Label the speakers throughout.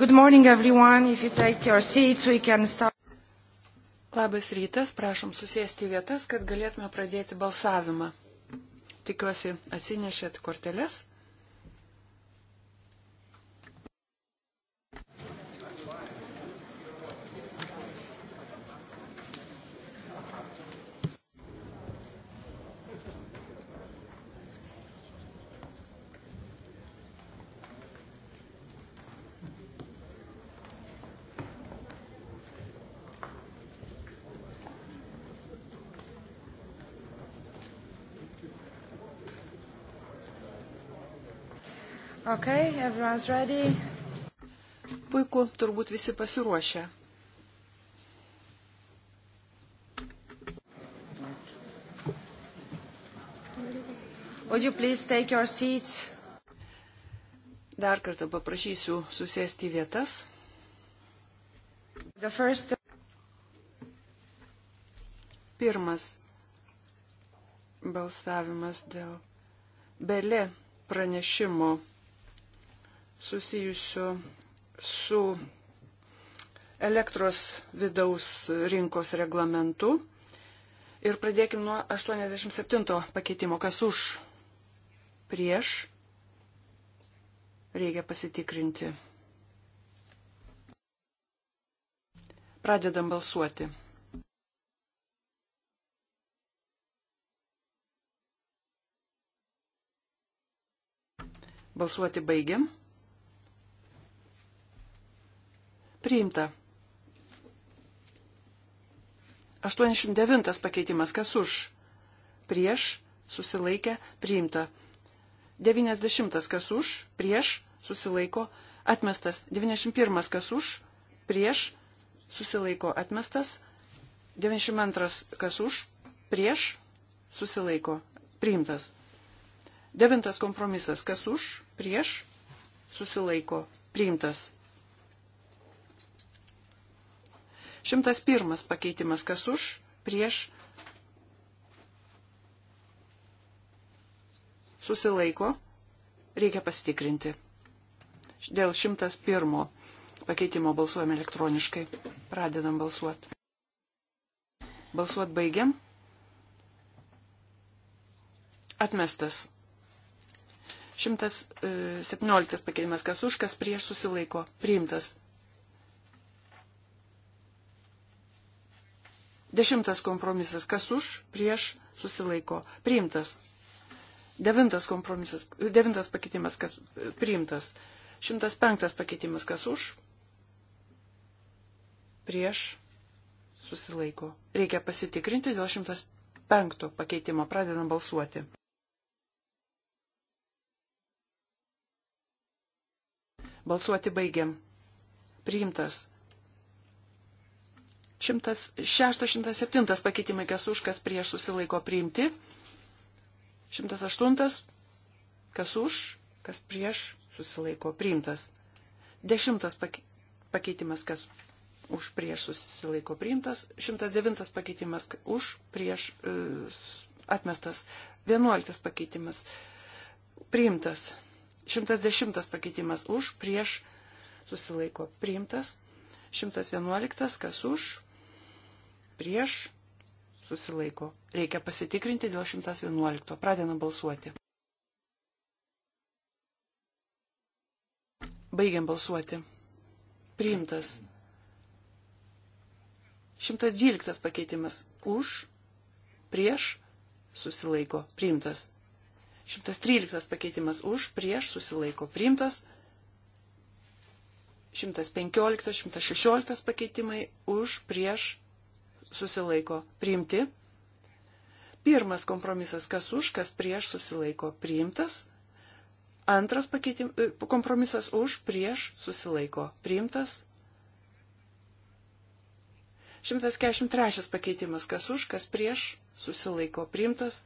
Speaker 1: Good morning everyone. If you take your seats, we can start.
Speaker 2: Labas rytas, prašom susėsti vietas, kad galėtume pradėti balsavimą. Tikiuosi, atsinešėt korteles. Okay, everyone's ready. Puiku, turbūt visi pasiruošę.
Speaker 1: Would you please take your seats?
Speaker 2: Dar kartą paprašysiu susėsti į vietas. The first... Pirmas balsavimas dėl Belė pranešimo susijusių su elektros vidaus rinkos reglamentu. Ir pradėkim nuo 87 pakeitimo. Kas už? Prieš? Reikia pasitikrinti. Pradedam balsuoti. Balsuoti baigiam. Priimta. 89 pakeitimas. Kas už? Prieš. Susilaikė. Priimta. 90 kas už. Prieš. Susilaiko. Atmestas. 91 kas už. Prieš. Susilaiko. Atmestas. 92 kas už. Prieš. Susilaiko. Priimtas. Devintas kompromisas. Kas už. Prieš. Susilaiko. Priimtas. 101 pakeitimas, kas už, prieš, susilaiko, reikia pasitikrinti. Dėl 101 pakeitimo balsuojam elektroniškai. Pradedam balsuoti. Balsuot baigiam. Atmestas. 117 e, pakeitimas, kas už, kas prieš susilaiko. Priimtas. Dešimtas kompromisas. Kas už, prieš, susilaiko. Priimtas. Devintas kompromisas. Devintas pakeitimas. Kas priimtas. Šimtas penktas pakeitimas. Kas už, prieš, susilaiko. Reikia pasitikrinti dėl šimtas penkto pakeitimo. Pradedam balsuoti. Balsuoti baigiam. Priimtas. 106-107 pakeitimai, kas už, kas prieš susilaiko priimti. 108, kas už, kas prieš susilaiko priimtas. 10 pakeitimas, kas už, prieš susilaiko priimtas. 109 pakeitimas, už, prieš e, atmestas. 11 pakeitimas, priimtas. 110 pakeitimas, už, prieš susilaiko priimtas. 111, kas už, prieš, susilaiko. Reikia pasitikrinti dėl 111. Pradedam balsuoti. Baigiam balsuoti. Priimtas. 112 pakeitimas. Už, prieš, susilaiko. Priimtas. 113 pakeitimas. Už, prieš, susilaiko. Priimtas. 115, 116 pakeitimai. Už, prieš, susilaiko priimti. Pirmas kompromisas, kas už, kas prieš susilaiko priimtas. Antras pakeitim, e, kompromisas už, prieš susilaiko priimtas. 143 pakeitimas, kas už, kas prieš susilaiko priimtas.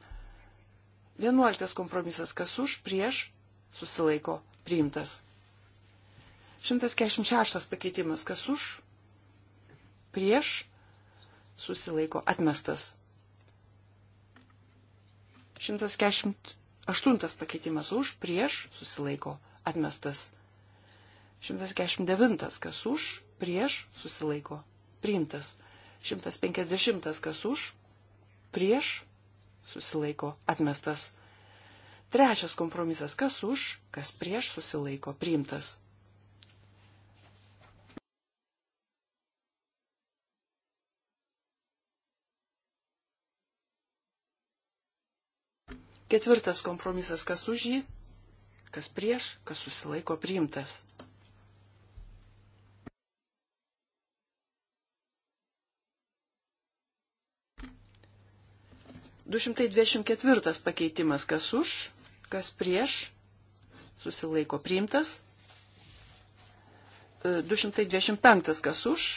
Speaker 2: 11 kompromisas, kas už, prieš susilaiko priimtas. 146 pakeitimas, kas už, prieš susilaiko atmestas. 148 pakeitimas už, prieš, susilaiko atmestas. 149 kas už, prieš, susilaiko priimtas. 150 kas už, prieš, susilaiko atmestas. Trečias kompromisas kas už, kas prieš, susilaiko priimtas. Ketvirtas kompromisas, kas už jį, kas prieš, kas susilaiko priimtas. Du šimtai dvidešimt ketvirtas pakeitimas, kas už, kas prieš, susilaiko priimtas. 225 e, kas už,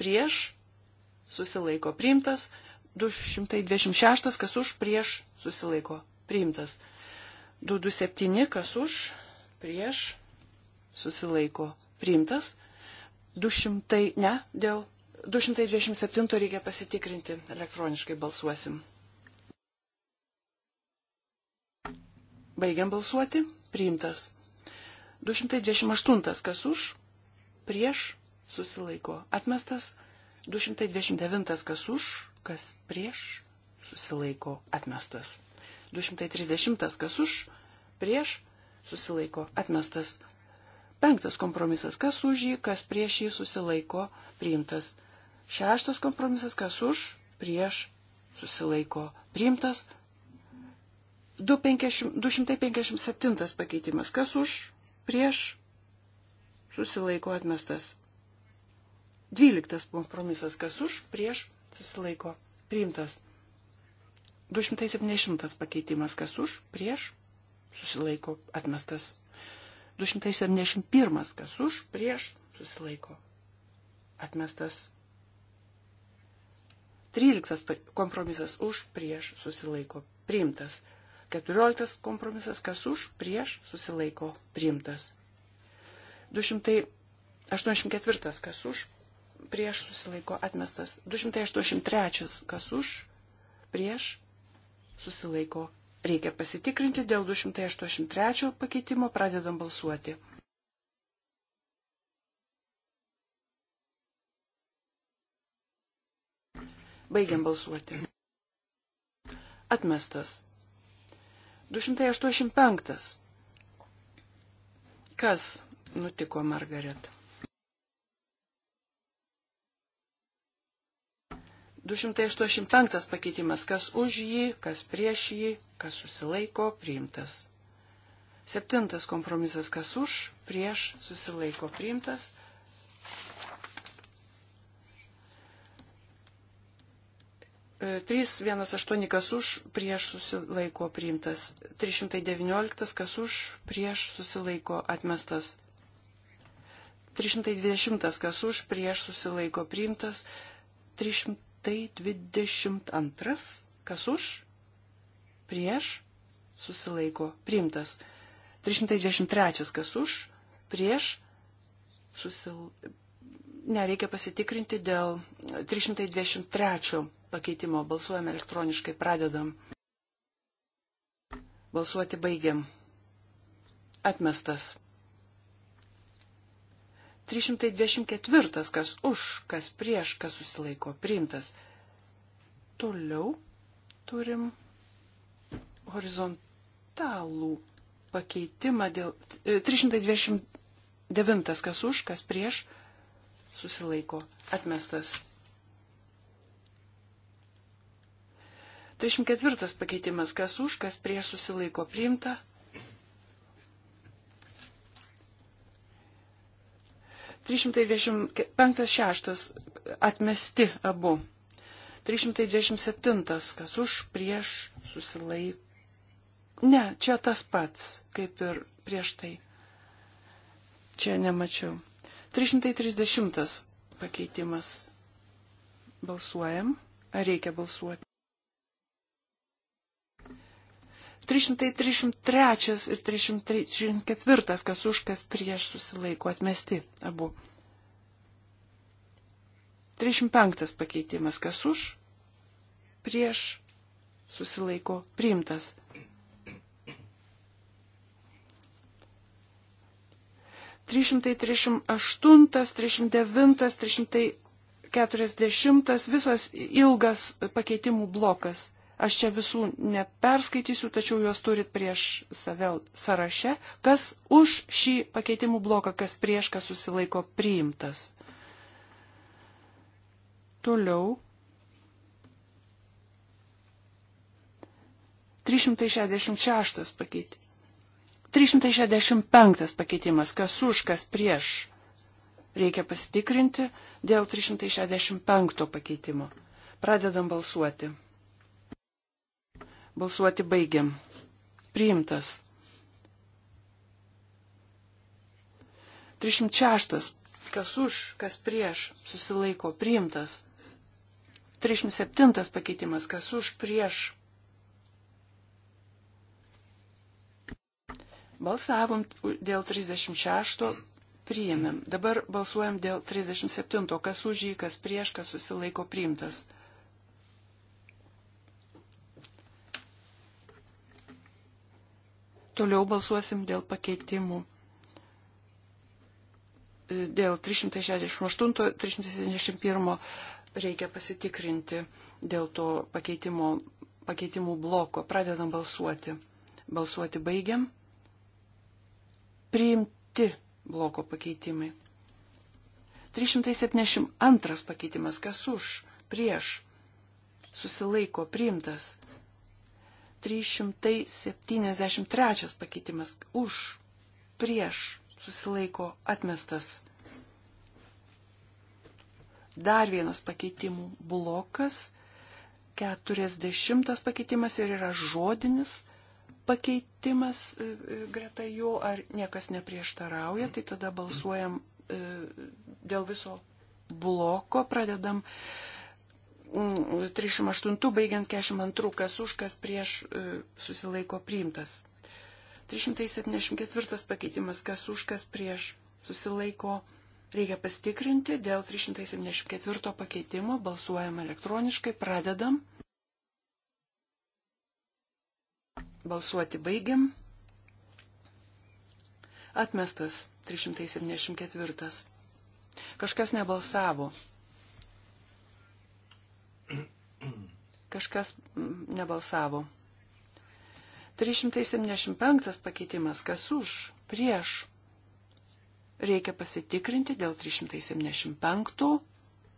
Speaker 2: prieš, susilaiko priimtas. 226 kas už, prieš, susilaiko priimtas. 227 kas už, prieš susilaiko priimtas. 200 ne, dėl 227 reikia pasitikrinti, elektroniškai balsuosim. Baigiam balsuoti, priimtas. 228 kas už, prieš susilaiko atmestas. 229 kas už, kas prieš susilaiko atmestas. 230 kas už, prieš susilaiko atmestas. Penktas kompromisas kas už jį, kas prieš jį susilaiko priimtas. Šeštas kompromisas kas už, prieš susilaiko priimtas. 257 pakeitimas kas už, prieš susilaiko atmestas. Dvyliktas kompromisas kas už, prieš susilaiko priimtas. 270 pakeitimas, kas už, prieš, susilaiko, atmestas. 271, kas už, prieš, susilaiko, atmestas. 13 kompromisas už, prieš, susilaiko, priimtas. 14 kompromisas, kas už, prieš, susilaiko, priimtas. 284, kas už, prieš, susilaiko, atmestas. 283, kas už, prieš, susilaiko. Reikia pasitikrinti dėl 283 pakeitimo, pradedam balsuoti. Baigiam balsuoti. Atmestas. 285. Kas nutiko Margaret? 285 pakeitimas, kas už jį, kas prieš jį, kas susilaiko, priimtas. Septintas kompromisas, kas už, prieš, susilaiko, priimtas. E, trys vienas aštuoni, kas už, prieš susilaiko priimtas. 319, kas už, prieš susilaiko atmestas. 320, kas už, prieš susilaiko priimtas. 300. 122. Kas už? Prieš? Susilaiko. Priimtas. 323. Kas už? Prieš? Susil... Nereikia pasitikrinti dėl 323 pakeitimo. Balsuojame elektroniškai. Pradedam. Balsuoti baigiam. Atmestas. 324, kas už, kas prieš, kas susilaiko priimtas. Toliau turim horizontalų pakeitimą dėl 329, e, kas už, kas prieš, susilaiko atmestas. 34 pakeitimas, kas už, kas prieš susilaiko priimta. 325-6 atmesti abu. 327, kas už, prieš, susilaik. Ne, čia tas pats, kaip ir prieš tai. Čia nemačiau. 330 pakeitimas. Balsuojam. Ar reikia balsuoti? 333 ir 334, kas už, kas prieš susilaiko atmesti abu. 35 pakeitimas, kas už, prieš susilaiko priimtas. Trišimtai trišimt aštuntas, trišimt devintas, trišimtai keturiasdešimtas, visas ilgas pakeitimų blokas. Aš čia visų neperskaitysiu, tačiau juos turit prieš save sąraše, kas už šį pakeitimų bloką, kas prieš, kas susilaiko priimtas. Toliau. 366 pakeitimas. 365 pakeitimas, kas už, kas prieš. Reikia pasitikrinti dėl 365 pakeitimo. Pradedam balsuoti. Balsuoti baigiam. Priimtas. 306. Kas už, kas prieš, susilaiko, priimtas. 307 pakeitimas, kas už, prieš. Balsavom dėl 36, priėmėm. Dabar balsuojam dėl 37, kas už jį, kas prieš, kas susilaiko, priimtas. Toliau balsuosim dėl pakeitimų. E, dėl 368, 371 reikia pasitikrinti dėl to pakeitimo, pakeitimų bloko. Pradedam balsuoti. Balsuoti baigiam. Priimti bloko pakeitimai. 372 pakeitimas. Kas už? Prieš. Susilaiko priimtas. 373 pakeitimas už, prieš, susilaiko atmestas. Dar vienas pakeitimų blokas, 40 pakeitimas ir yra žodinis pakeitimas e, e, greta jo, ar niekas neprieštarauja, tai tada balsuojam e, dėl viso bloko, pradedam uh, 308 baigiant 42, kas už, kas prieš e, susilaiko priimtas. 374 pakeitimas, kas už, kas prieš susilaiko. Reikia pastikrinti dėl 374 pakeitimo, balsuojam elektroniškai, pradedam. Balsuoti baigiam. Atmestas 374. Kažkas nebalsavo. Kažkas mm, nebalsavo. 375 pakeitimas. Kas už? Prieš. Reikia pasitikrinti dėl 375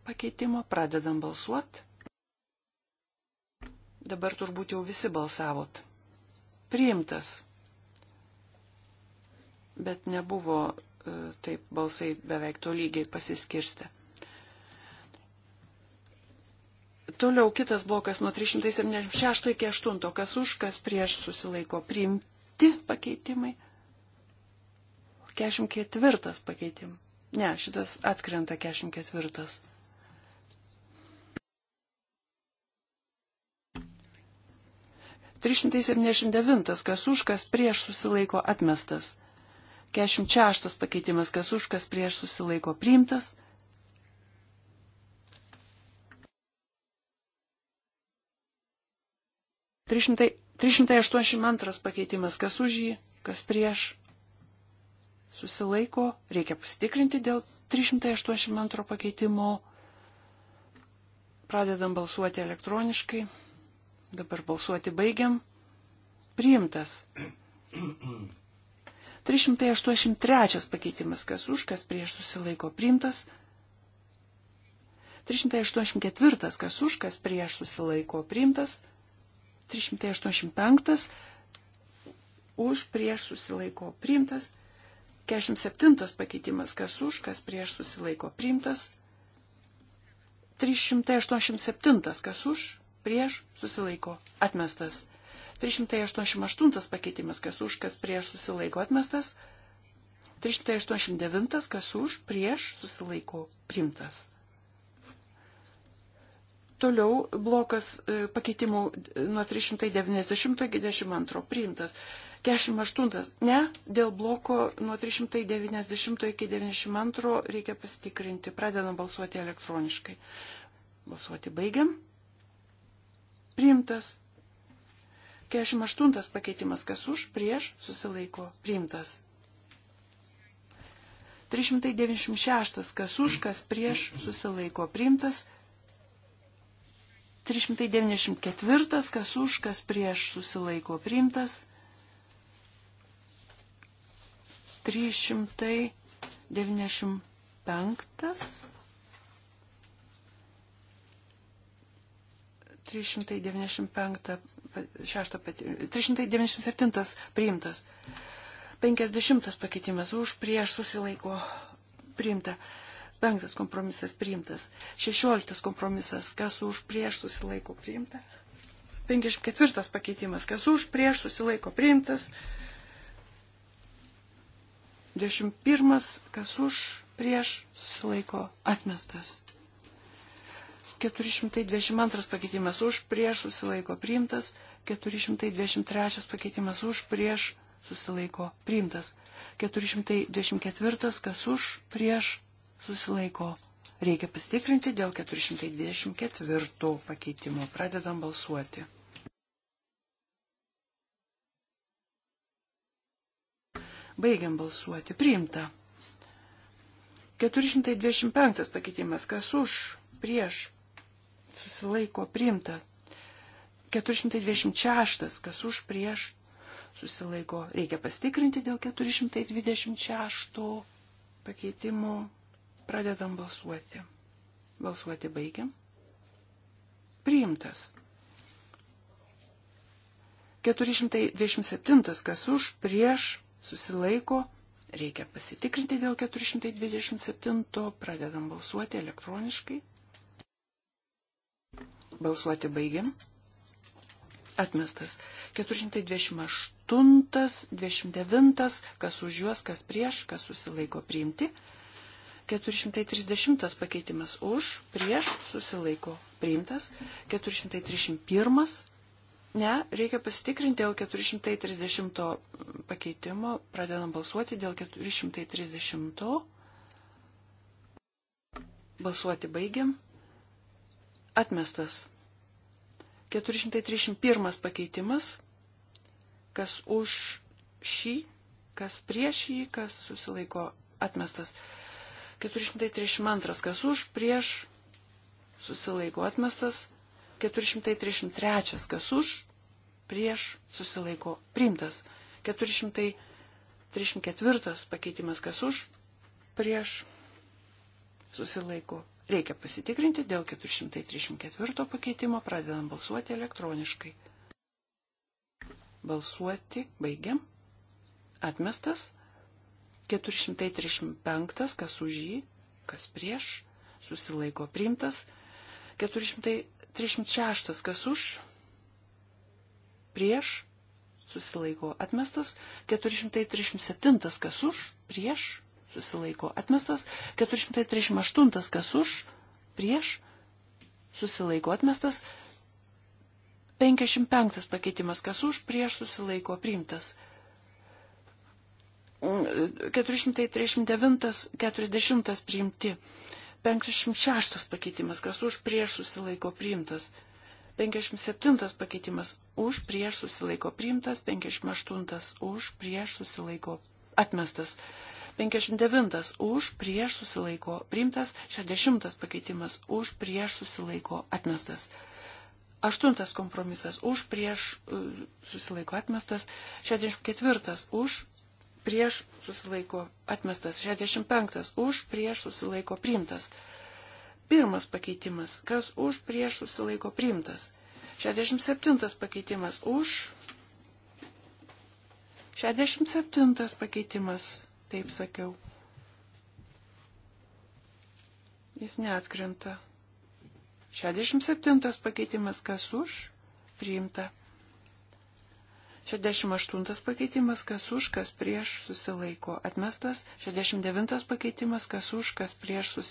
Speaker 2: pakeitimo. Pradedam balsuot. Dabar turbūt jau visi balsavot. Priimtas. Bet nebuvo e, taip balsai beveik tolygiai pasiskirsti. Toliau kitas blokas nuo 376 iki 8, kas už, kas prieš susilaiko priimti pakeitimai. 44 pakeitim. Ne, šitas atkrenta 44. Trišimtai septyniasdešimt devintas, kas už, kas prieš susilaiko atmestas. Kešim šeštas pakeitimas, kas už, kas prieš susilaiko priimtas. 300, 382 pakeitimas, kas už jį, kas prieš, susilaiko, reikia pasitikrinti dėl 382 pakeitimo. Pradedam balsuoti elektroniškai. Dabar balsuoti baigiam. Priimtas. 383 pakeitimas, kas už, kas prieš susilaiko priimtas. 384, kas už, kas prieš susilaiko priimtas. 385 už prieš susilaiko priimtas, 47 pakeitimas kas už, kas prieš susilaiko priimtas, 387 kas už, prieš susilaiko atmestas, 388 pakeitimas kas už, kas prieš susilaiko atmestas, 389 kas už, prieš susilaiko priimtas. Toliau blokas e, pakeitimų e, nuo 390 iki 92 priimtas. 48. Ne, dėl bloko nuo 390 iki 92 reikia pasitikrinti. Pradedam balsuoti elektroniškai. Balsuoti baigiam. Priimtas. 48 pakeitimas kas už, prieš, susilaiko. Priimtas. 396 kas už, kas prieš, susilaiko. Priimtas. 394, kas už, kas prieš susilaiko priimtas. 395. Trišimtai devyniasdešimt penktą, šeštą, trišimtai devyniasdešimt septintas priimtas. 50 pakeitimas už prieš susilaiko priimta. Penktas kompromisas priimtas. Šešioliktas kompromisas, kas už prieš susilaiko priimta. 54 pakeitimas, kas už prieš susilaiko priimtas. 21, kas už prieš susilaiko atmestas. 422 pakeitimas už prieš susilaiko priimtas. 423 pakeitimas už prieš susilaiko priimtas. 424 kas už prieš susilaiko. Reikia pasitikrinti dėl 424 pakeitimo. Pradedam balsuoti. Baigiam balsuoti. Priimta. 425 pakeitimas. Kas už? Prieš. Susilaiko. Priimta. 426. Kas už? Prieš. Susilaiko. Reikia pasitikrinti dėl 426 pakeitimo. Pradedam balsuoti. Balsuoti baigiam. Priimtas. 427, kas už, prieš, susilaiko, reikia pasitikrinti dėl 427, pradedam balsuoti elektroniškai. Balsuoti baigiam. Atmestas 428, 29, kas už juos, kas prieš, kas susilaiko priimti. 430 pakeitimas už, prieš, susilaiko, priimtas. 431, ne, reikia pasitikrinti dėl 430 pakeitimo, pradedam balsuoti dėl 430. Balsuoti baigiam. Atmestas. 431 pakeitimas, kas už šį, kas prieš jį, kas susilaiko atmestas. 432, kas už, prieš, susilaiko atmestas, 433, kas už, prieš, susilaiko priimtas, 434 pakeitimas, kas už, prieš, susilaiko. Reikia pasitikrinti dėl 434 pakeitimo, pradedam balsuoti elektroniškai. Balsuoti baigiam. Atmestas 435, kas už jį, kas prieš, susilaiko priimtas. 436, kas už, prieš, susilaiko atmestas. 437, kas už, prieš, susilaiko atmestas. 438, kas už, prieš, susilaiko atmestas. 55 pakeitimas, kas už, prieš, susilaiko priimtas. 439-40 priimti. 56 pakeitimas, kas už prieš susilaiko priimtas. 57 pakeitimas už prieš susilaiko priimtas, 58 už prieš susilaiko atmestas. 59 už prieš susilaiko priimtas, 60 pakeitimas už prieš susilaiko atmestas. Aštuntas kompromisas už prieš uh, susilaiko atmestas, 64 už prieš susilaiko atmestas, 65 už prieš susilaiko priimtas. Pirmas pakeitimas, kas už prieš susilaiko priimtas. 67 pakeitimas už. 67 pakeitimas, taip sakiau. Jis neatkrenta. 67 pakeitimas, kas už, priimta. 68 pakeitimas, kas už, kas prieš susilaiko atmestas. 69 pakeitimas, kas už, kas prieš sus...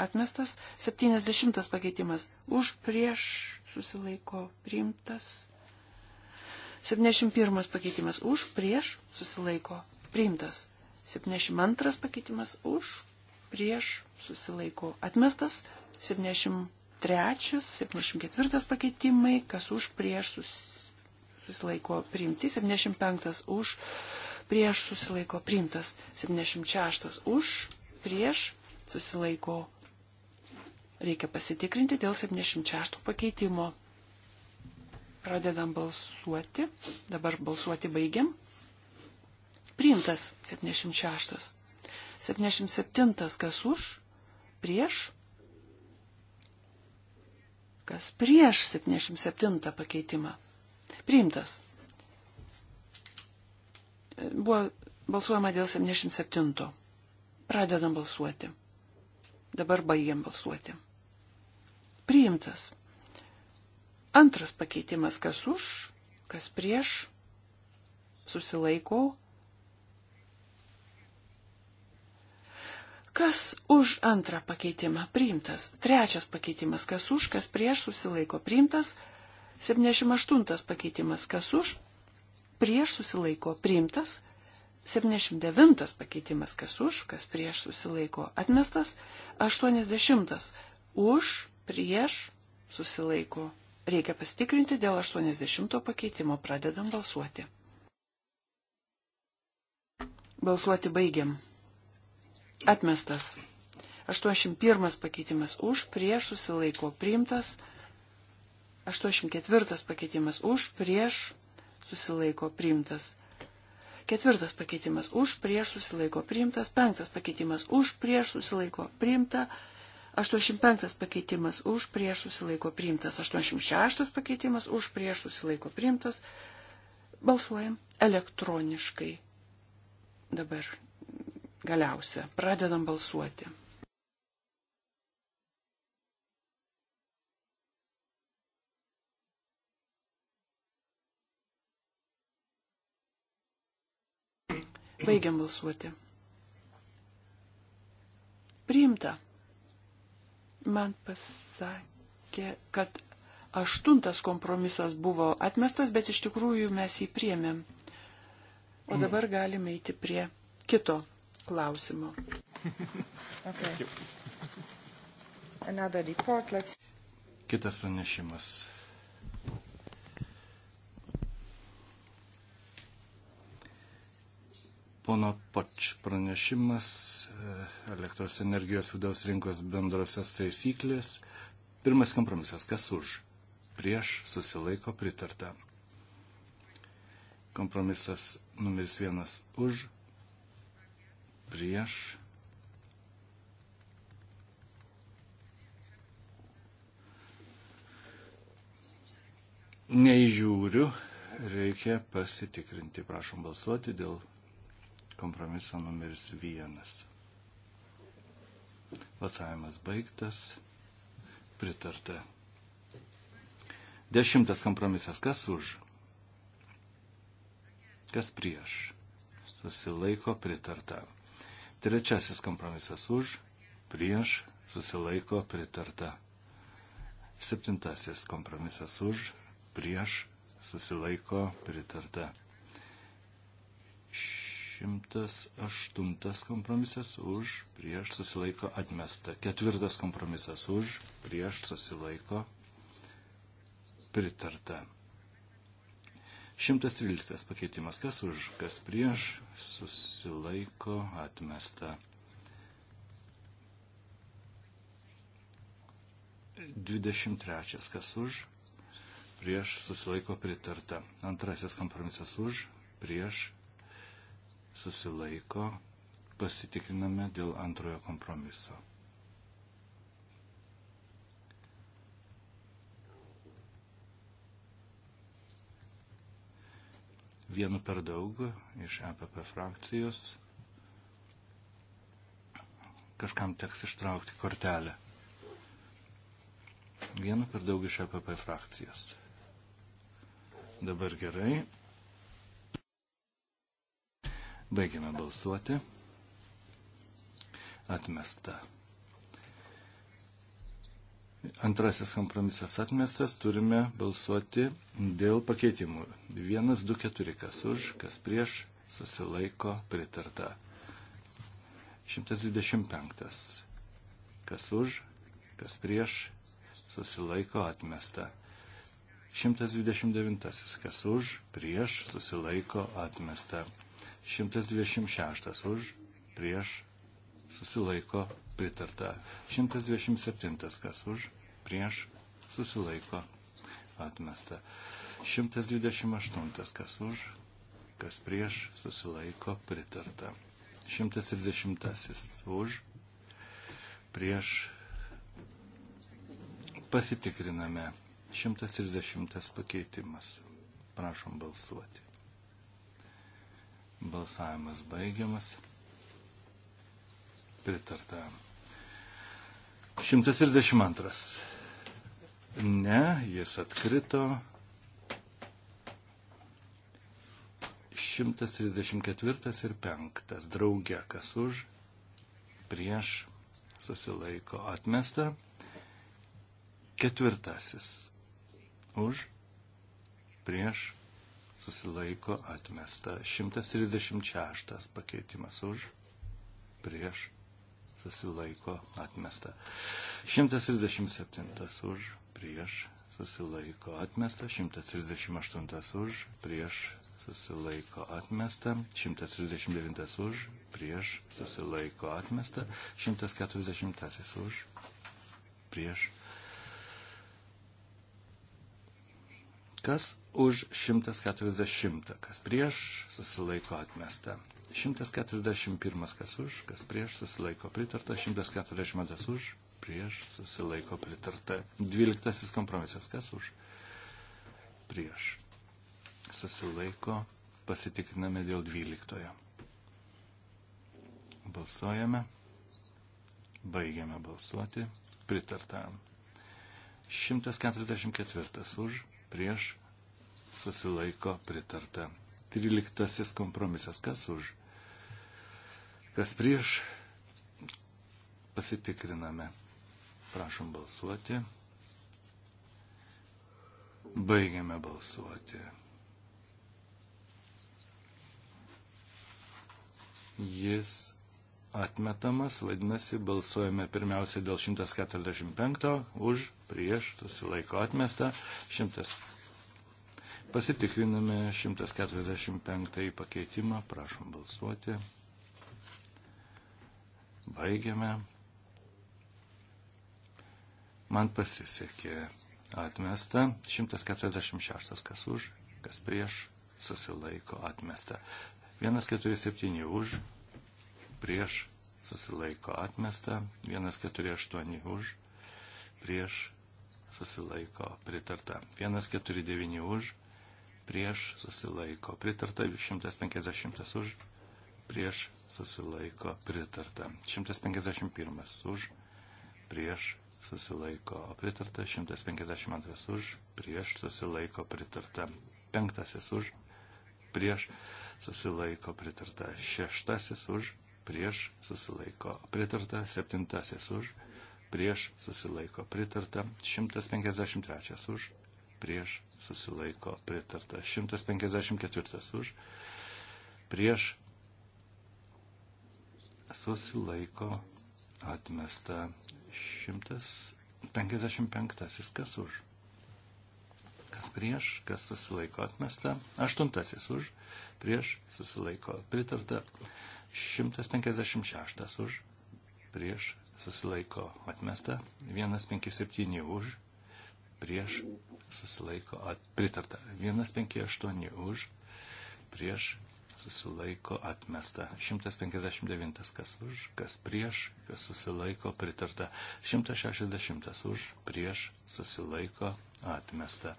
Speaker 2: atmestas. 70 pakeitimas, už, prieš susilaiko priimtas. 71 pakeitimas, už, prieš susilaiko priimtas. 72 pakeitimas, už, prieš susilaiko atmestas. 73, 74 pakeitimai, kas už, prieš susilaiko susilaiko priimti, 75 už, prieš susilaiko priimtas, 76 už, prieš susilaiko. Reikia pasitikrinti dėl 76 pakeitimo. Pradedam balsuoti. Dabar balsuoti baigiam. Priimtas 76. 77 kas už, prieš, kas prieš 77 pakeitimą priimtas. Buvo balsuojama dėl 77. Pradedam balsuoti. Dabar baigiam balsuoti. Priimtas. Antras pakeitimas, kas už, kas prieš, susilaikau. Kas už antrą pakeitimą priimtas? Trečias pakeitimas, kas už, kas prieš susilaiko priimtas? 78 pakeitimas kas už, prieš susilaiko priimtas, 79 pakeitimas kas už, kas prieš susilaiko atmestas, 80 už, prieš susilaiko. Reikia pastikrinti dėl 80 pakeitimo, pradedam balsuoti. Balsuoti baigiam. Atmestas. 81 pakeitimas už, prieš susilaiko priimtas, 81 84 pakeitimas už, prieš, susilaiko priimtas. Ketvirtas pakeitimas už, prieš, susilaiko priimtas. Penktas pakeitimas už, prieš, susilaiko priimta. 85 pakeitimas už, prieš, susilaiko priimtas. 86 pakeitimas už, prieš, susilaiko priimtas. Balsuojam elektroniškai. Dabar galiausia pradedam balsuoti. Baigiam balsuoti. Priimta. Man pasakė, kad aštuntas kompromisas buvo atmestas, bet iš tikrųjų mes jį priemėm. O dabar galime eiti prie kito klausimo. Okay.
Speaker 3: Kitas pranešimas. Pono Poč pranešimas e, elektros energijos vidaus rinkos bendrosios taisyklės. Pirmas kompromisas, kas už? Prieš susilaiko pritarta. Kompromisas numeris vienas už, prieš. Neįžiūriu, reikia pasitikrinti, prašom balsuoti dėl kompromiso numeris vienas. Balsavimas baigtas. Pritarta. Dešimtas kompromisas. Kas už? Kas prieš? Susilaiko pritarta. Trečiasis kompromisas už, prieš, susilaiko pritarta. Septintasis kompromisas už, prieš, susilaiko pritarta. 108 kompromisas už, prieš susilaiko atmesta. Ketvirtas kompromisas už, prieš susilaiko pritarta. 113 pakeitimas, kas už, kas prieš susilaiko atmesta. 23 kas už, prieš susilaiko pritarta. Antrasis kompromisas už, prieš susilaiko, pasitikriname dėl antrojo kompromiso. Vienu per daug iš EPP frakcijos. Kažkam teks ištraukti kortelę. Vienu per daug iš EPP frakcijos. Dabar gerai. Baigiame balsuoti. Atmesta. Antrasis kompromisas atmestas, turime balsuoti dėl pakeitimų. 1, 2, 4, kas už, kas prieš, susilaiko, pritarta. 125, kas už, kas prieš, susilaiko, atmesta. 129, kas už, prieš, susilaiko, atmesta. 126 už, prieš, susilaiko, pritarta. 127 kas už, prieš, susilaiko, atmesta. 128 kas už, kas prieš, susilaiko, pritarta. 130 už, prieš, pasitikriname. 130 pakeitimas. Prašom balsuoti. Balsavimas baigiamas. Pritarta. 132. Ne, jis atkrito. 134 ir 5. Draugė, kas už, prieš, susilaiko atmesta. Ketvirtasis. Už, prieš, susilaiko atmesta. 136 pakeitimas už, prieš, susilaiko atmesta. 137 už, prieš, susilaiko atmesta. 138 už, prieš, susilaiko atmesta. 139 už, prieš, susilaiko atmesta. 140 už, prieš, Kas už 140, kas prieš, susilaiko atmesta. 141, kas už, kas prieš, susilaiko pritarta. 140 už, prieš, susilaiko pritarta. 12 kompromisas, kas už, prieš, susilaiko, pasitikriname dėl 12. Balsuojame, baigiame balsuoti, pritarta. 144 už, prieš susilaiko pritarta. 13 kompromisas. Kas už? Kas prieš? Pasitikriname. Prašom balsuoti. Baigiame balsuoti. Jis atmetamas, vadinasi, balsuojame pirmiausia dėl 145, už, prieš, susilaiko atmesta, 100. Pasitikriname 145 pakeitimą, prašom balsuoti. Baigiame. Man pasisekė atmesta, 146 kas už, kas prieš, susilaiko atmesta. 147 už, prieš, susilaiko atmesta, 148 už, prieš, susilaiko pritarta, 149 už, prieš, susilaiko pritarta, 150 už, prieš, susilaiko pritarta, 151 už, prieš, susilaiko pritarta, 152 už, prieš, susilaiko pritarta, 5 už, prieš, susilaiko pritarta, 6 už, prieš susilaiko pritarta, septintasis už, prieš susilaiko pritarta, 153 už, prieš susilaiko pritarta, 154 už, prieš susilaiko atmesta, 155 kas už kas prieš, kas susilaiko atmesta, aštuntasis už, prieš susilaiko pritarta, 156 už, prieš susilaiko atmesta, 157 už, prieš susilaiko at, pritarta, 158 už, prieš susilaiko atmesta, 159 kas už, kas prieš, kas susilaiko pritarta, 160 už, prieš susilaiko atmesta atmesta.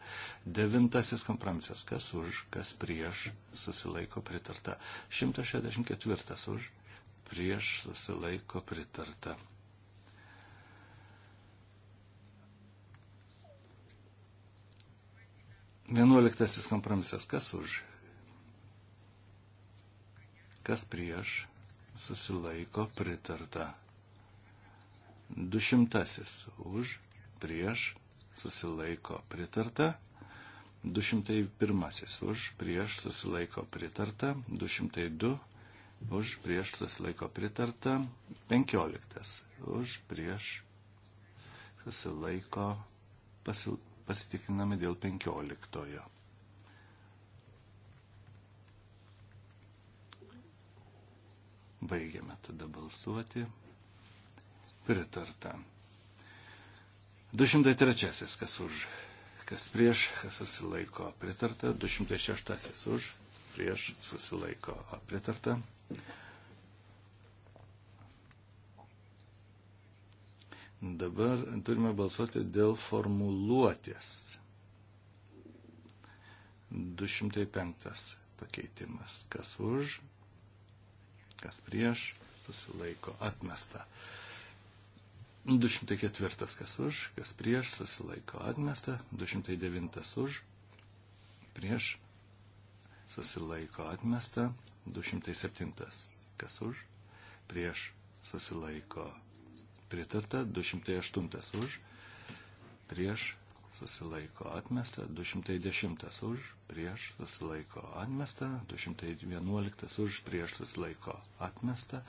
Speaker 3: Devintasis kompromisas, kas už, kas prieš, susilaiko pritarta. 164 už, prieš, susilaiko pritarta. Vienuoliktasis kompromisas, kas už, kas prieš, susilaiko pritarta. Dušimtasis už, prieš, susilaiko pritarta. 201 už prieš susilaiko pritarta, 202 už prieš susilaiko pritarta, 15 už prieš susilaiko pasil, pasitikinami dėl 15. Baigiame tada balsuoti. Pritarta. 203. Kas už, kas prieš, kas susilaiko pritarta. 206. Už, prieš, susilaiko pritarta. Dabar turime balsuoti dėl formuluotės. 205 pakeitimas. Kas už, kas prieš, susilaiko atmesta. 204 kas už, kas prieš, susilaiko atmesta. 209 už, prieš, susilaiko atmesta. 207 kas už, prieš, susilaiko pritarta. 208 už, prieš, susilaiko atmesta. 210 už, prieš, susilaiko atmesta. 211 už, prieš, susilaiko atmesta.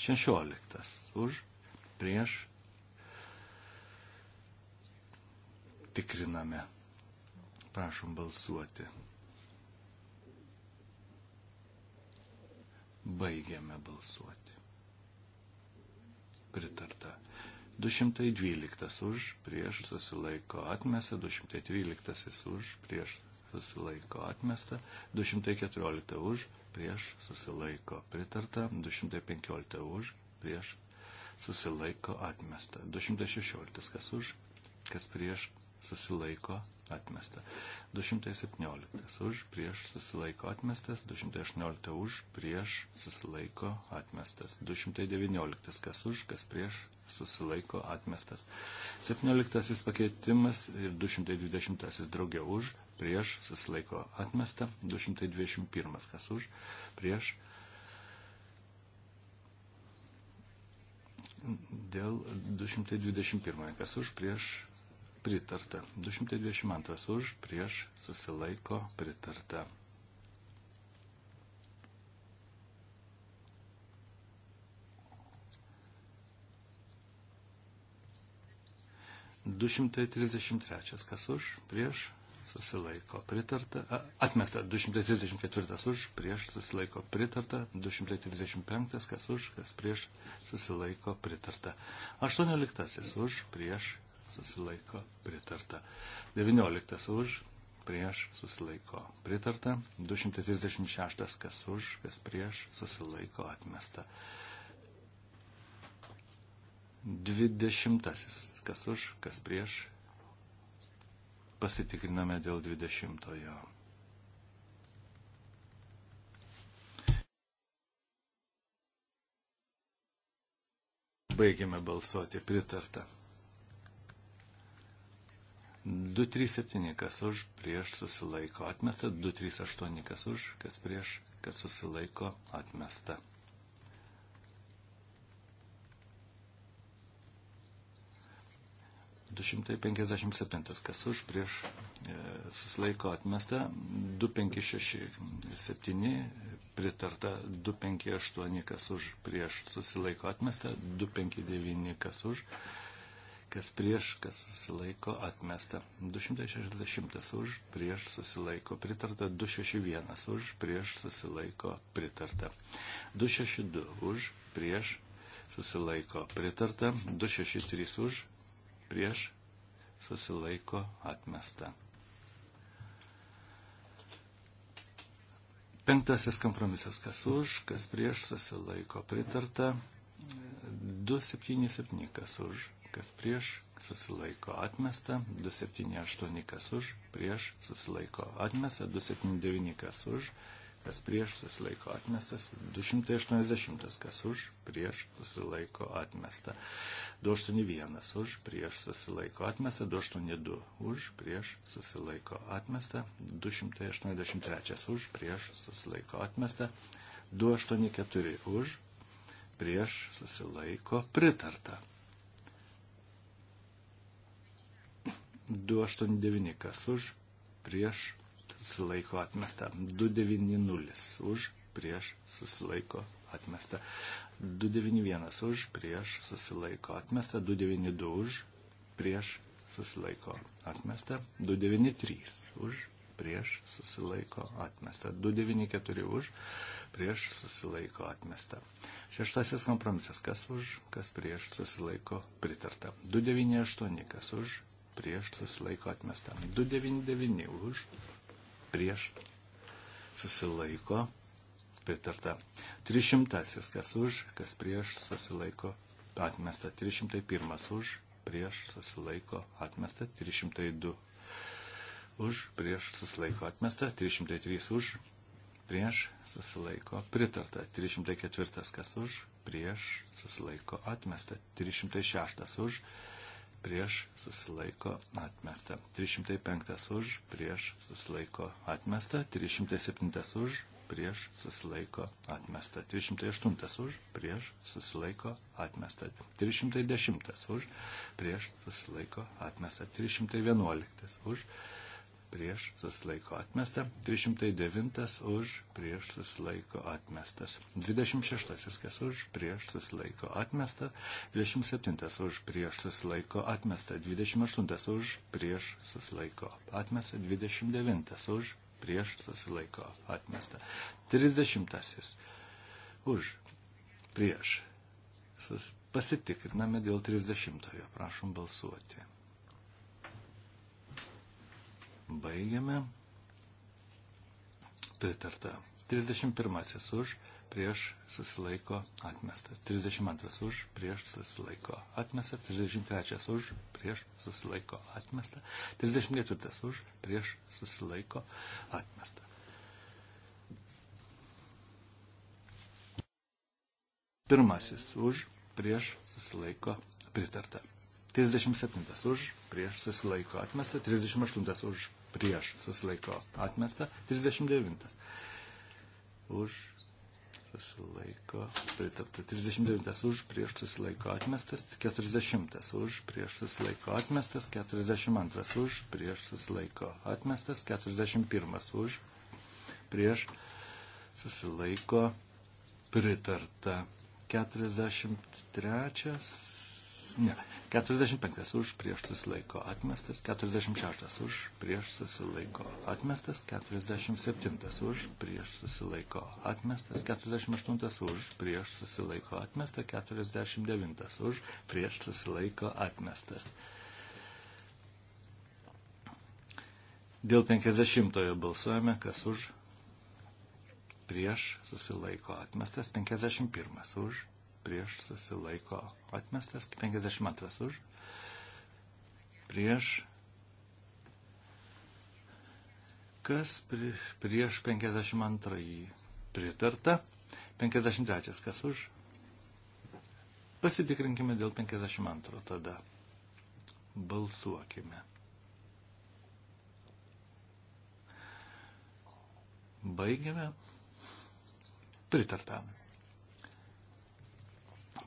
Speaker 3: 16 už, prieš, tikriname. Prašom balsuoti. Baigiame balsuoti. Pritarta. 212 už, prieš susilaiko atmesta, 213 už, prieš susilaiko atmesta, 214 už, prieš susilaiko pritarta, 215 už, prieš susilaiko atmesta, 216 kas už, kas prieš susilaiko atmesta. 217 už, prieš susilaiko atmestas, 218 už, prieš susilaiko atmestas, 219 kas už, kas prieš susilaiko atmestas. 17 pakeitimas ir 220 draugė už, prieš susilaiko atmesta, 221 kas už, prieš. Dėl 221 kas už, prieš pritarta. 222 už, prieš, susilaiko, pritarta. Du šimtai trisdešimt trečias, kas už, prieš, susilaiko, pritarta, atmesta, du šimtai trisdešimt ketvirtas už, prieš, susilaiko, pritarta, du šimtai trisdešimt penktas, kas už, kas prieš, susilaiko, pritarta, aštuonioliktasis už, prieš, susilaiko pritarta. 19 už, prieš susilaiko pritarta. 236 kas už, kas prieš susilaiko atmesta. 20 kas už, kas prieš. Pasitikriname dėl 20. -ojo. Baigėme balsuoti pritartą. 237 kas už, prieš susilaiko atmesta, 238 kas už, kas prieš, kas susilaiko atmesta. Du šimtai penkiasdešimt septintas, kas už, prieš e, susilaiko atmesta, du penki šeši septyni, pritarta, du penki aštuoni, kas už, prieš susilaiko atmesta, du penki devyni, kas už, prieš kas prieš, kas susilaiko atmesta. 260 už, prieš susilaiko pritarta, 261 už, prieš susilaiko pritarta. 262 už, prieš susilaiko pritarta, 263 už, prieš susilaiko atmesta. Penktasis kompromisas, kas už, kas prieš susilaiko pritarta, 277 kas už, kas prieš, susilaiko atmesta, 278 kas už, prieš, susilaiko atmesta, 279 kas už, kas prieš, susilaiko atmestas, 280 kas už, prieš, susilaiko atmesta, 281 už, prieš, susilaiko atmesta, 282 už, prieš, susilaiko atmesta, 283 už, prieš, susilaiko atmesta, 284 už, prieš, susilaiko pritarta. 289 kas už, prieš susilaiko atmesta. 290 už, prieš susilaiko atmesta. 291 už, prieš susilaiko atmesta. 292 už, prieš susilaiko atmesta. 293 už, prieš susilaiko atmesta. 294 už, prieš susilaiko atmesta. Šeštasis kompromisas, kas už, kas prieš susilaiko pritarta. 298 kas už, prieš susilaiko atmesta. 299 už prieš susilaiko pritarta. 300 kas už, kas prieš susilaiko atmesta. 301 už prieš susilaiko atmesta. 302 už prieš susilaiko atmesta. 303 už prieš susilaiko pritarta. 304 kas už prieš susilaiko atmesta. 306 už prieš susilaiko atmesta prieš susilaiko atmesta. 305 už, prieš susilaiko atmesta. 307 už, prieš susilaiko atmesta. 308 už, prieš susilaiko atmesta. 310 už, prieš susilaiko atmesta. 311 už, prieš susilaiko atmesta, 309 už prieš susilaiko atmestas, 26 kas už prieš susilaiko atmesta, 27 už prieš susilaiko atmesta, 28 už prieš susilaiko atmesta, 29 už prieš susilaiko atmesta, 30 už prieš. Pasitikriname dėl 30-ojo, prašom balsuoti. Baigiame. Pritarta. 31 už, prieš susilaiko atmestas. 32 už, prieš susilaiko atmestas. 33 už, prieš susilaiko atmestas. 34 už, prieš susilaiko atmestas. Pirmasis už, prieš susilaiko pritarta. 37 už, prieš susilaiko atmesta, 38 už, prieš susilaiko atmesta, 39 už susilaiko pritarta, 39 už prieš susilaiko atmestas, 40 už prieš susilaiko atmestas, 42 už prieš susilaiko atmestas, 41 už prieš susilaiko pritarta, 43 ne. 45 už prieš susilaiko atmestas, 46 už prieš susilaiko atmestas, 47 už prieš susilaiko atmestas, 48 už prieš susilaiko atmestas, 49 už prieš susilaiko atmestas. Dėl 50 balsuojame, kas už prieš susilaiko atmestas, 51 už prieš susilaiko atmestas, 52 už, prieš, kas pri, prieš 52 pritarta, 53 kas už, pasitikrinkime dėl 52 tada, balsuokime. Baigėme. Pritartame.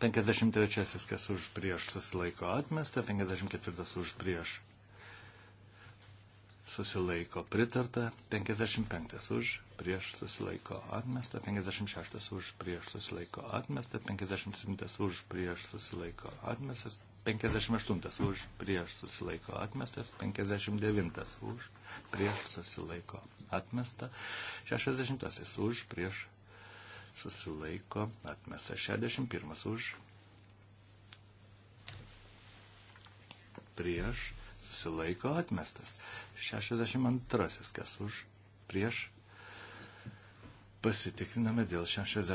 Speaker 3: 53 kas už prieš susilaiko atmesta, 54 už prieš susilaiko pritarta, 55 už, prieš susilaiko atmesta, 56 už, prieš susilaiko atmesta, 57 už, prieš susilaiko atmestas, 58 už, prieš susilaiko atmestas, 59 už, prieš susilaiko atmesta, 60 už, prieš susilaiko, atmesta 61 už, prieš, susilaiko, atmestas 62, kas už, prieš, pasitikriname dėl 62.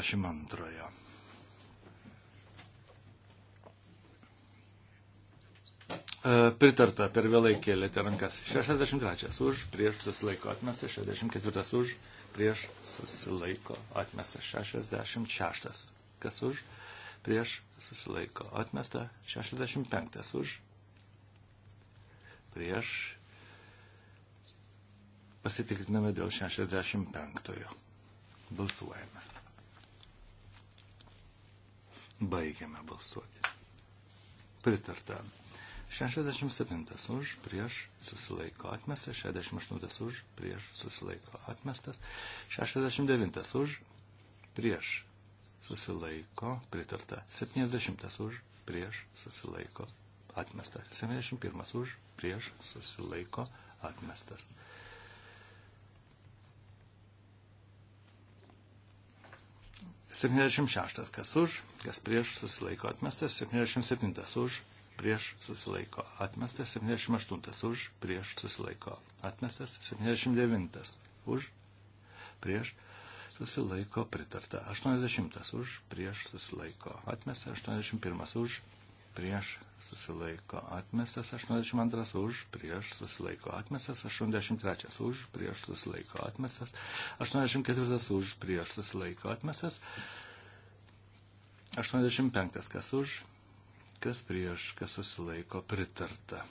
Speaker 3: E, pritarta, per vėlai kėlėte rankas. 63 už, prieš susilaiko atmestas, 64 už, prieš susilaiko atmesta 66. Kas už, prieš susilaiko atmesta 65. Už, prieš pasitikriname dėl 65. Balsuojame. Baigiame balsuoti. Pritartame. 67 už, prieš susilaiko atmestas, 68 už, prieš susilaiko atmestas, 69 už, prieš susilaiko pritarta, 70 už, prieš susilaiko atmestas, 71 už, prieš susilaiko atmestas. Septyniasdešimt šeštas, kas už, kas prieš, susilaiko atmestas, septyniasdešimt septintas už, prieš susilaiko atmestas, 78 už, prieš susilaiko atmestas, 79 už, prieš susilaiko pritarta, 80 už, prieš susilaiko atmestas, 81 už, prieš susilaiko atmestas, 82 už, prieš susilaiko atmestas, 83 už, prieš susilaiko atmestas, 84 už, prieš susilaiko atmestas, 85 kas už, kas prieš, kas susilaiko pritarta.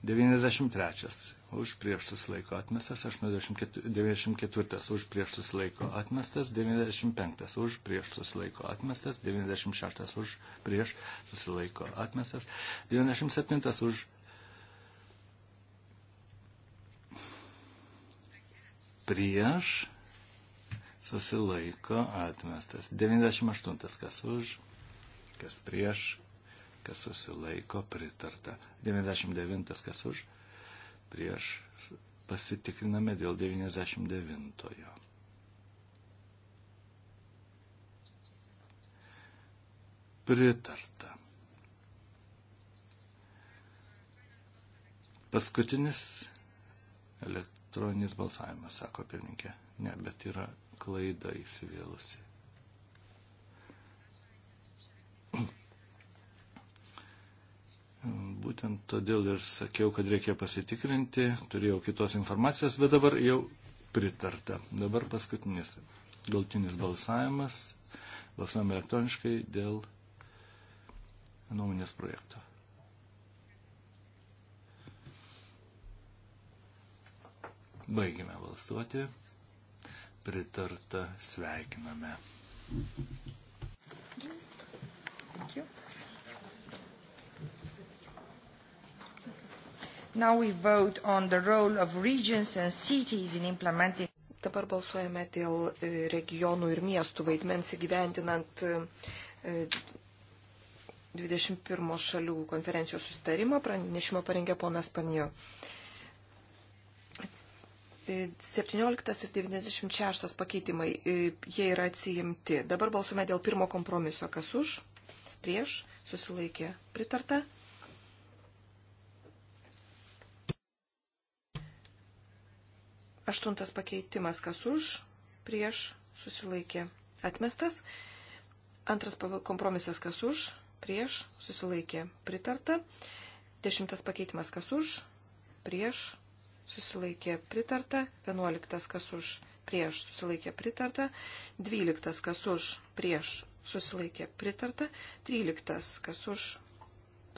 Speaker 3: 93 už prieš susilaiko atmestas, 84, 94 už prieš susilaiko atmestas, 95 už prieš susilaiko atmestas, 96 už prieš susilaiko atmestas, 97 už prieš susilaiko atmestas, 98 kas už kas prieš, kas susilaiko, pritarta. 99, kas už, prieš, pasitikriname dėl 99-ojo. Pritarta. Paskutinis elektroninis balsavimas, sako pirmininkė. Ne, bet yra klaida įsivėlusi. Būtent todėl ir sakiau, kad reikia pasitikrinti, turėjau kitos informacijos, bet dabar jau pritarta. Dabar paskutinis galtinis balsavimas. Balsavome elektroniškai dėl nuomonės projekto. Baigime balsuoti. Pritarta sveikiname. Thank you.
Speaker 1: Now we vote on the role of regions and cities in implementing. Dabar balsuojame dėl e, regionų ir miestų vaidmens įgyvendinant 21 e, e, šalių konferencijos sustarimą. Pranešimą parengė ponas Pamniu. 17 ir 96 pakeitimai, jie yra atsijimti. Dabar balsuojame dėl pirmo kompromiso. Kas už? Prieš? Susilaikė? Pritarta? Aštuntas pakeitimas, kas už, prieš, susilaikė, atmestas. Antras kompromisas, kas už, prieš, susilaikė, pritarta. Dešimtas pakeitimas, kas už, prieš, susilaikė, pritarta. Vienuoliktas, kas už, prieš, susilaikė, pritarta. Dvyliktas, kas už, prieš, susilaikė, pritarta. Tryliktas, kas už,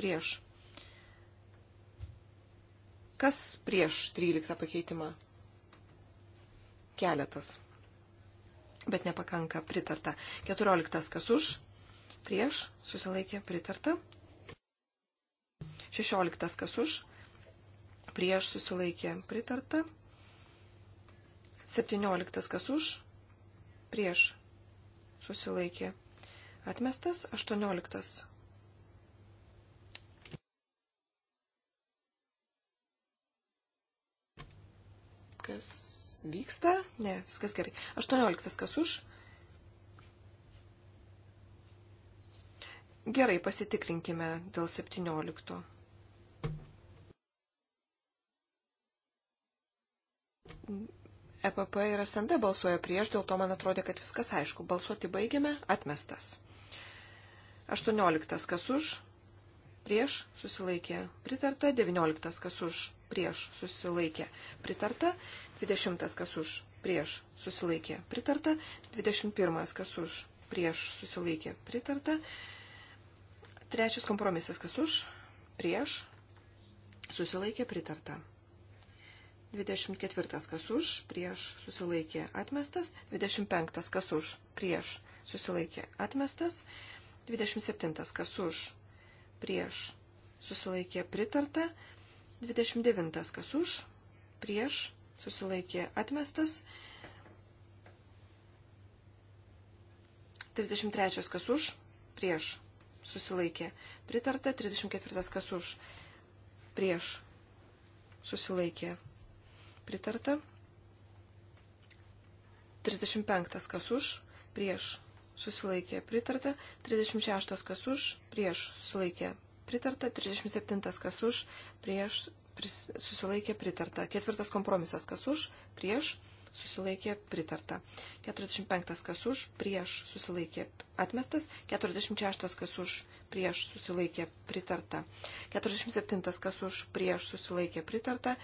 Speaker 1: prieš. Kas prieš 13 pakeitimą? keletas. Bet nepakanka pritarta. 14. Kas už? Prieš susilaikė pritarta. 16. Kas už? Prieš susilaikė pritarta. 17. Kas už? Prieš susilaikė. Atmestas 18. Kas vyksta? Ne, viskas gerai. 18 kas už? Gerai, pasitikrinkime dėl 17. EPP ir SND balsuoja prieš, dėl to man atrodė, kad viskas aišku. Balsuoti baigiame, atmestas. 18. Kas už? Prieš susilaikė. Pritarta. 19. Kas už? Prieš susilaikė. Pritarta. 20 kas už, prieš, susilaikė, pritarta. 21 kas už, prieš, susilaikė, pritarta. Trečias kompromisas kas už, prieš, susilaikė, pritarta. 24 kas už, prieš, susilaikė, atmestas. 25 kas už, prieš, susilaikė, atmestas. 27 kas už, prieš, susilaikė, pritarta. 29 kas už, prieš, susilaikė atmestas. 33 kas už, prieš, susilaikė pritarta. 34 kas už, prieš, susilaikė pritarta. 35 kas už, prieš, susilaikė pritarta. 36 kas už, prieš, susilaikė pritarta. 37 kas už, prieš, pris, susilaikė pritarta. Ketvirtas kompromisas, kas už, prieš, susilaikė pritarta. 45 kas už, prieš, susilaikė atmestas. 46 kas už, prieš, susilaikė pritarta. 47 kas už, prieš, susilaikė pritarta.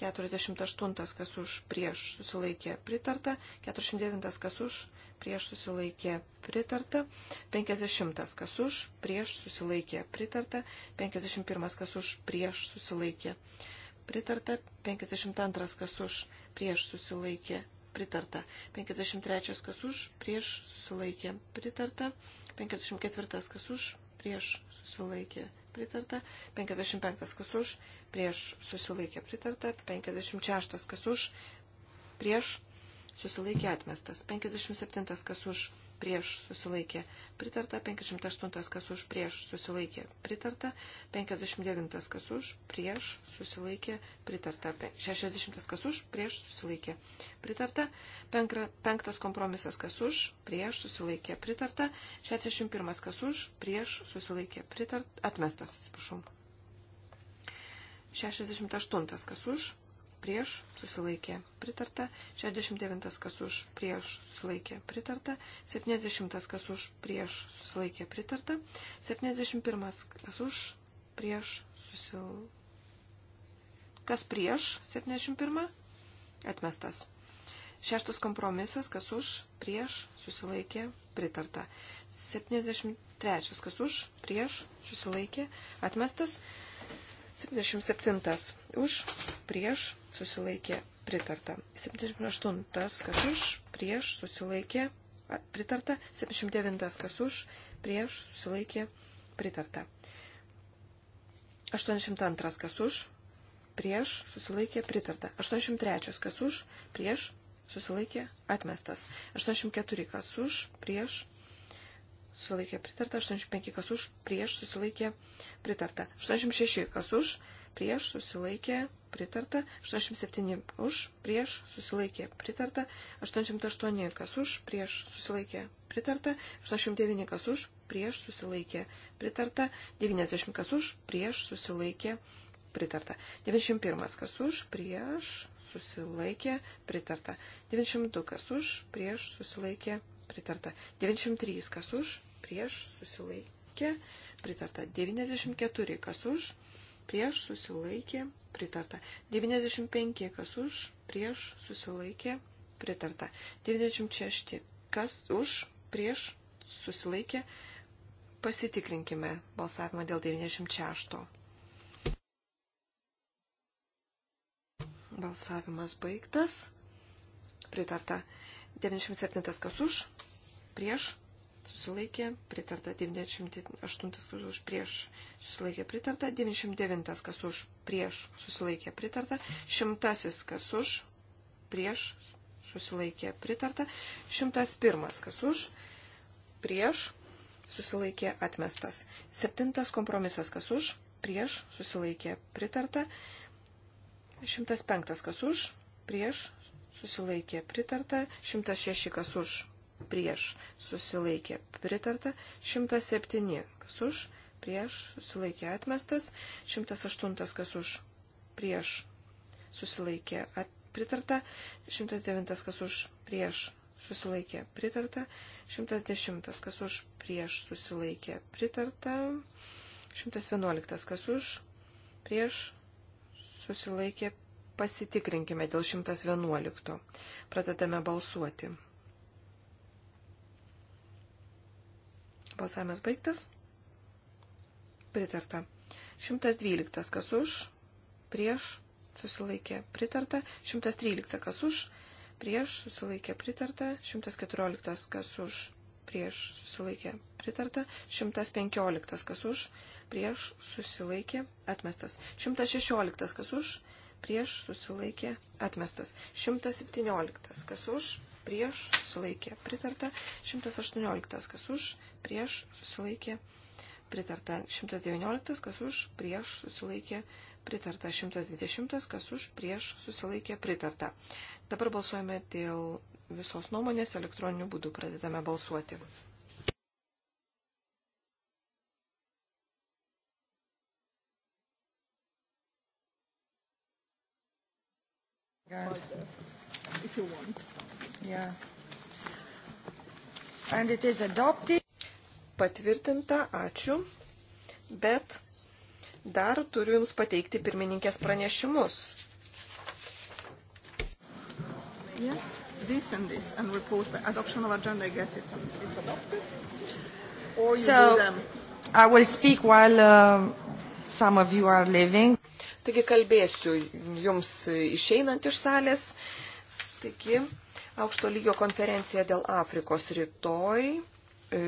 Speaker 1: 48 kas už, prieš, susilaikė pritarta. 49 kas už, prieš susilaikė pritarta, 50 kas už, prieš susilaikė pritarta, 51 kas už, prieš susilaikė pritarta, 52 kas už, prieš susilaikė pritarta, 53 kas už, prieš susilaikė pritarta, 54 kas už, prieš susilaikė pritarta, 55 kas už, prieš susilaikė pritarta, 56 kas už, prieš susilaikė pritarta susilaikė atmestas. 57 kas už prieš susilaikė pritarta, 58 kas už prieš susilaikė pritarta, 59 kas už prieš susilaikė pritarta, 60 kas už prieš susilaikė pritarta, 5 kompromisas kas už prieš susilaikė pritarta, 61 kas už prieš susilaikė pritarta, atmestas, atsiprašau. 68 kas už prieš susilaikė pritarta, 69 kas už prieš susilaikė pritarta, 70 kas už prieš susilaikė pritarta, 71 kas už prieš susilaikė. Kas prieš 71? Atmestas. Šeštas kompromisas, kas už prieš susilaikė pritarta. 73 kas už prieš susilaikė atmestas. 77. Už, prieš, susilaikė, pritarta. 78. Kas už, prieš, susilaikė, pritarta. 79. Kas už, prieš, susilaikė, pritarta. 82. Kas už, prieš, susilaikė, pritarta. 83. Kas už, prieš, susilaikė, atmestas. 84. Kas už, prieš, susilaikė pritarta, 85 kas už, prieš susilaikė pritarta, 86 kas už, prieš susilaikė pritarta, 87 už, prieš susilaikė pritarta, 88 kas už, prieš susilaikė pritarta, 89 kas už, prieš susilaikė pritarta, 90 kas už, prieš susilaikė pritarta, 91 kas už, prieš susilaikė pritarta, 92 kas už, prieš susilaikė pritarta pritarta. 93, kas už, prieš, susilaikė, pritarta. 94, kas už, prieš, susilaikė, pritarta. 95, kas už, prieš, susilaikė, pritarta. 96, kas už, prieš, susilaikė, pasitikrinkime balsavimą dėl 96. Balsavimas baigtas. Pritarta. 97 kas už, prieš, susilaikė, pritarta 98 kas už, prieš, susilaikė, pritarta 99 kas už, prieš, susilaikė, pritarta 100 kas už, prieš, susilaikė, pritarta 101 kas už, prieš, susilaikė, atmestas 7 kompromisas kas už, prieš, susilaikė, pritarta 105 kas už, prieš, susilaikė pritarta, 106 kas už, prieš susilaikė pritarta, 107 kas už, prieš susilaikė atmestas, 108 kas už, prieš susilaikė at, pritarta, 109 kas už, prieš susilaikė pritarta, 110 kas už, prieš susilaikė pritarta, 111 kas už, prieš susilaikė pritarta Pasitikrinkime dėl 111. Pradedame balsuoti. Balsavimas baigtas. Pritarta. 112. Kas už? Prieš. Susilaikė. Pritarta. 113. Kas už? Prieš. Susilaikė. Pritarta. 114. Kas už? Prieš. Susilaikė. Pritarta. 115. Kas už? Prieš. Susilaikė. Atmestas. 116. Kas už? Prieš prieš susilaikė atmestas. 117. Kas už, prieš susilaikė pritarta. 118. Kas už, prieš susilaikė pritarta. 119. Kas už, prieš susilaikė pritarta. 120. Kas už, prieš susilaikė pritarta. Dabar balsuojame dėl visos nuomonės elektroniniu būdu. Pradedame balsuoti. But, uh, if you want. Yeah. And it is adopted. Patvirtinta, ačiū. Bet dar turiu Jums pateikti pirmininkės pranešimus. Yes, this and this and report the adoption of agenda, I guess it's, it's adopted. Or you so, do them. I will speak while um, uh, some of you are leaving. Taigi kalbėsiu jums išeinant iš salės. Taigi, aukšto lygio konferencija dėl Afrikos rytoj. E,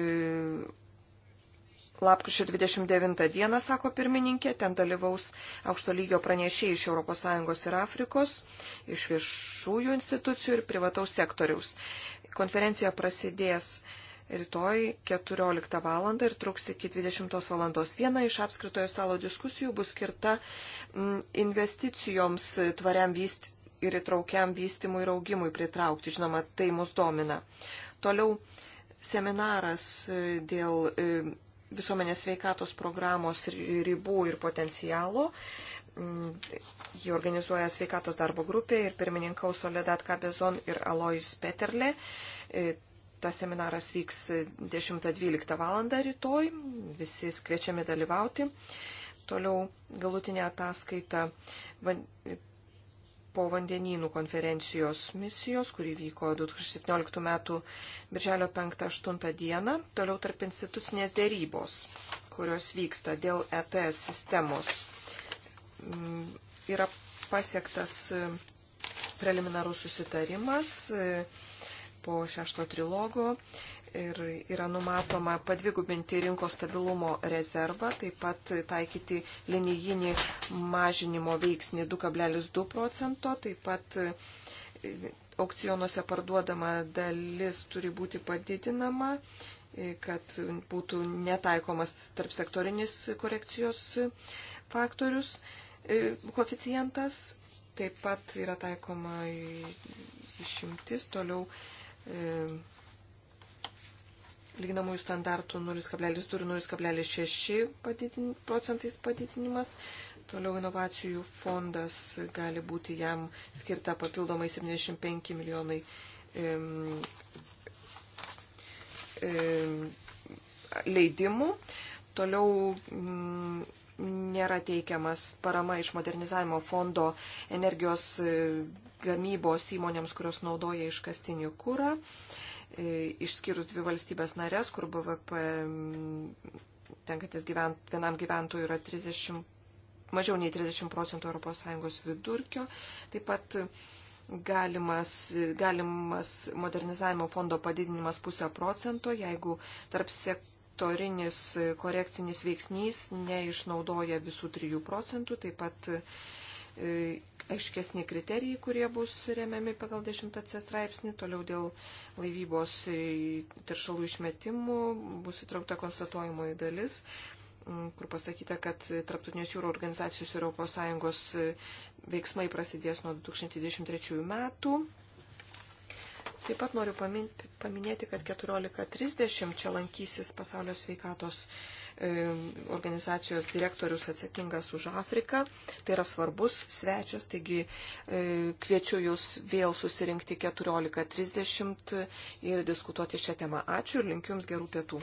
Speaker 1: lapkričio 29 dieną, sako pirmininkė, ten dalyvaus aukšto lygio pranešėjai iš ES ir Afrikos, iš viešųjų institucijų ir privataus sektoriaus. Konferencija prasidės rytoj 14 val. ir truks iki 20 val. Viena iš apskritojo stalo diskusijų bus skirta mm, investicijoms tvariam vyst ir įtraukiam vystimui ir augimui pritraukti. Žinoma, tai mus domina. Toliau seminaras e, dėl e, visuomenės veikatos programos ribų ir potencialo mm, jį organizuoja sveikatos darbo grupė ir pirmininkaus Soledad Kabezon ir Alois Peterle. E, Tas seminaras vyks 10-12 val. rytoj, visi kviečiami dalyvauti. Toliau galutinė ataskaita van, po vandenynų konferencijos misijos, kuri vyko 2017 m. birželio 5-8 d. Toliau tarp institucinės dėrybos, kurios vyksta dėl ETS sistemos. Mm, yra pasiektas e, preliminarus susitarimas. E, po šešto trilogo ir yra numatoma padvigubinti rinkos stabilumo rezervą, taip pat taikyti linijinį mažinimo veiksnį 2,2 procento, taip pat e, aukcionuose parduodama dalis turi būti padidinama, e, kad būtų netaikomas tarp sektorinis korekcijos faktorius, e, koficijantas, taip pat yra taikoma išimtis toliau E, lyginamųjų standartų 0,2 ir 0,6 padidin, procentais padidinimas. Toliau inovacijų fondas gali būti jam skirta papildomai 75 milijonai um, um, leidimų. Toliau um, nėra teikiamas parama iš modernizavimo fondo energijos. Um, gamybos įmonėms, kurios naudoja iškastinį kūrą, e, išskyrus dvi valstybės narės, kur BVP mm, tenkantis gyvent, vienam gyventojui yra 30, mažiau nei 30 procentų ES vidurkio. Taip pat galimas, galimas modernizavimo fondo padidinimas pusę procento, jeigu tarp sektorinis korekcinis veiksnys neišnaudoja visų 3 procentų, taip pat E, aiškesni kriterijai, kurie bus remiami pagal 10 straipsnį, toliau dėl laivybos teršalų išmetimų bus įtraukta konstatuojamoji dalis kur pasakyta, kad Traptautinės jūro organizacijos ir ES veiksmai prasidės nuo 2023 metų. Taip pat noriu paminėti, kad 14.30 čia lankysis pasaulio sveikatos organizacijos E, organizacijos direktorius atsakingas už Afriką. Tai yra svarbus svečias, taigi e, kviečiu Jūs vėl susirinkti 14.30 ir diskutuoti šią temą. Ačiū ir linkiu Jums gerų pietų.